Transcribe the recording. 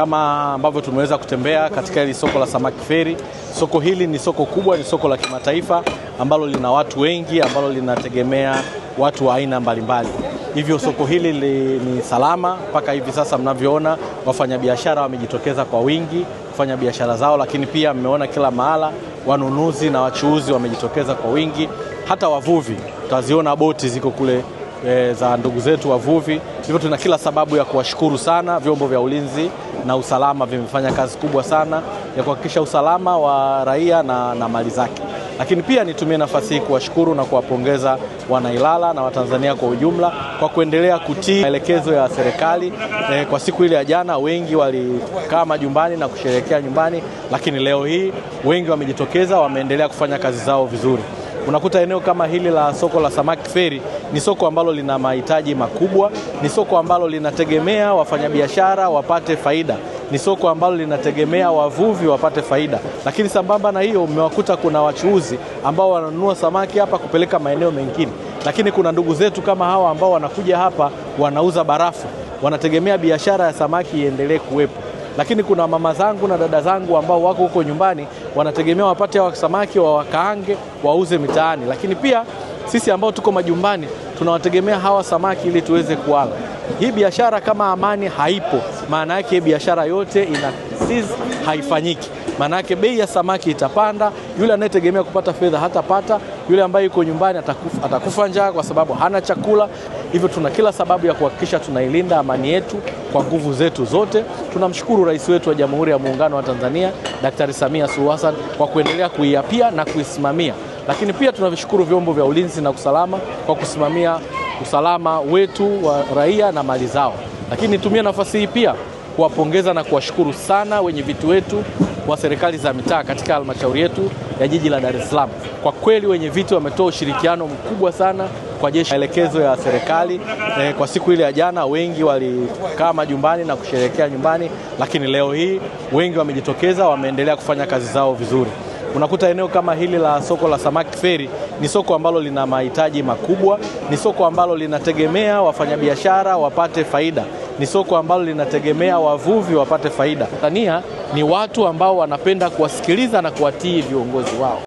kama ambavyo tumeweza kutembea katika hili soko la samaki feri. Soko hili ni soko kubwa, ni soko la kimataifa ambalo lina watu wengi, ambalo linategemea watu wa aina mbalimbali. Hivyo soko hili li, ni salama mpaka hivi sasa mnavyoona, wafanyabiashara wamejitokeza kwa wingi kufanya biashara zao, lakini pia mmeona kila mahala wanunuzi na wachuuzi wamejitokeza kwa wingi, hata wavuvi utaziona boti ziko kule e, za ndugu zetu wavuvi. Hivyo tuna kila sababu ya kuwashukuru sana vyombo vya ulinzi na usalama vimefanya kazi kubwa sana ya kuhakikisha usalama wa raia na, na mali zake. Lakini pia nitumie nafasi hii kuwashukuru na kuwapongeza Wanailala na Watanzania kwa ujumla kwa kuendelea kutii maelekezo ya serikali. E, kwa siku ile ya jana wengi walikaa majumbani na kusherehekea nyumbani, lakini leo hii wengi wamejitokeza, wameendelea kufanya kazi zao vizuri. Unakuta eneo kama hili la soko la samaki Feri ni soko ambalo lina mahitaji makubwa, ni soko ambalo linategemea wafanyabiashara wapate faida ni soko ambalo linategemea wavuvi wapate faida, lakini sambamba na hiyo umewakuta kuna wachuuzi ambao wananunua samaki hapa kupeleka maeneo mengine, lakini kuna ndugu zetu kama hawa ambao wanakuja hapa wanauza barafu, wanategemea biashara ya samaki iendelee kuwepo lakini kuna mama zangu na dada zangu ambao wako huko nyumbani wanategemea wapate hawa samaki wa wakaange wauze mitaani, lakini pia sisi ambao tuko majumbani tunawategemea hawa samaki ili tuweze kuwala Hii biashara kama amani haipo, maana yake biashara yote ina overseas haifanyiki, maanake bei ya samaki itapanda. Yule anayetegemea kupata fedha hatapata, yule ambaye yuko nyumbani atakufa, atakufa njaa kwa sababu hana chakula. Hivyo tuna kila sababu ya kuhakikisha tunailinda amani yetu kwa nguvu zetu zote. Tunamshukuru Rais wetu wa Jamhuri ya Muungano wa Tanzania Daktari Samia Suluhu Hassan kwa kuendelea kuiapia na kuisimamia, lakini pia tunavishukuru vyombo vya ulinzi na usalama kwa kusimamia usalama wetu wa raia na mali zao. Lakini nitumie nafasi hii pia kuwapongeza na kuwashukuru sana wenye viti wetu wa serikali za mitaa katika halmashauri yetu ya jiji la Dar es Salaam. Kwa kweli wenye viti wametoa ushirikiano mkubwa sana kwa jeshi. Maelekezo ya serikali eh, kwa siku ile ya jana wengi walikaa majumbani na kusherehekea nyumbani, lakini leo hii wengi wamejitokeza, wameendelea kufanya kazi zao vizuri. Unakuta eneo kama hili la soko la samaki Feri ni soko ambalo lina mahitaji makubwa, ni soko ambalo linategemea wafanyabiashara wapate faida ni soko ambalo linategemea wavuvi wapate faida. Tanzania ni watu ambao wanapenda kuwasikiliza na kuwatii viongozi wao.